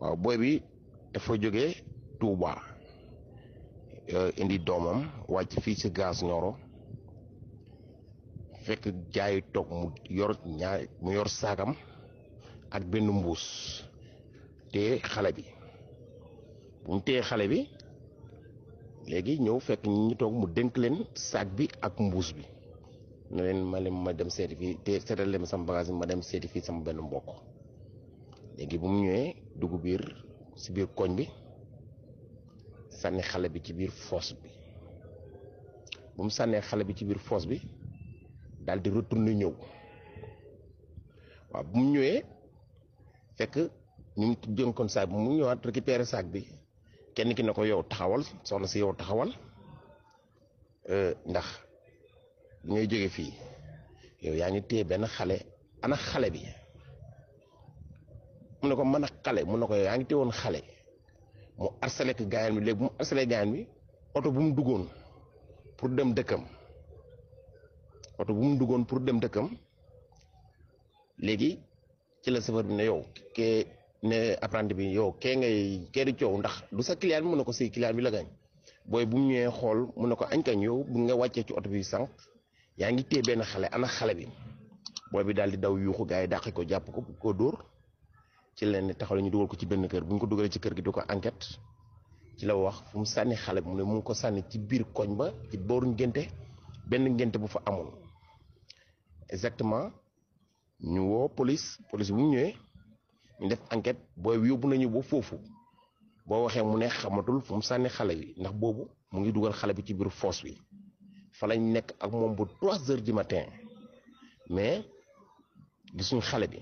waaw booy bi dafa jógee Touba euh, indi doomam wàcc fii si gaz Nioro fekk jaay toog mu yor ñaar mu yor saagam ak benn mbuus téye xale bi bu mu téye xale bi léegi ñëw fekk ñu toog mu dénk leen saag bi ak mbuus bi na leen ma leen ma dem seeti fii te seetal leen sama bagage bi ma dem seeti fii sama benn mbokk léegi bu mu ñëwee dugg biir si biir koñ bi sànni xale bi ci biir foos bi bu mu sànnee xale bi ci biir foos bi daal di retourné ñëw waaw bu mu ñëwee fekk ñu mu jënkoon saag bi mu ñëwaat récupéré saag bi kenn ki ne ko yow taxawal soxna si yow taxawal euh, ndax bu ngay jóge fii yow yaa ngi téye benn xale ana xale bi mu ne ko man ak xalé mu ne ko yaangi ngi teewoon mu arsalé ko gaayam bi mu arsalé gaayam bi auto bu mu duggoon pour dem dekkam auto bu mu pour dem dekkam ci la sefer ne yow ke ne apprendre bi yow ke ngay kee di ndax du sa client mu ne ko sey client bi la gañ boy bu mu ñëwee xool mu ne ko añ kañ yow bu nga wàccee ci auto bi sank yaangi ben xalé ana xalé bi boy bi daldi daw yu xugaay ko ko ko ci leen ni taxaw ñu dugal ko ci benn kër bu ñu ko dugalee ci kër gi di ko enquête ci la wax fu mu sànni xale mu ne mu ngi ko sànni ci biir koñ ba ci booru ngénte benn ngénte bu fa amoon exactement ñu woo police police bu mu ñëwee ñu def enquête booy yóbbu nañu ba foofu boo waxee mu ne xamatul fu mu sànni xale bi ndax boobu mu ngi dugal xale bi ci fa lañ ak bu trois heures du matin mais gisuñ xale bi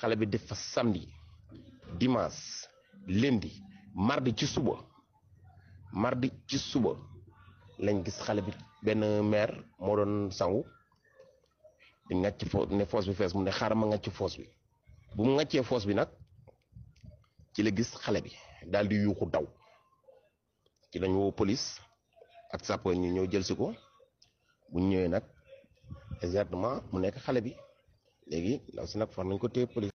xale bi def fa samedi dimanche lundi mardi ci suba mardi ci suba lañ gis xale bi benn maire moo doon sangu di ngàcc fo ne foos bi fees mu ne xaaral ma ngàcc foos bi bu mu foos bi nag ci la gis xale bi daal di yuuxu daw ci lañ woo police ak sappo ñu ñëw jël si ko bu ñëwee nag exactement mu nekk xale bi. léegi na si nag far nañ ko téye police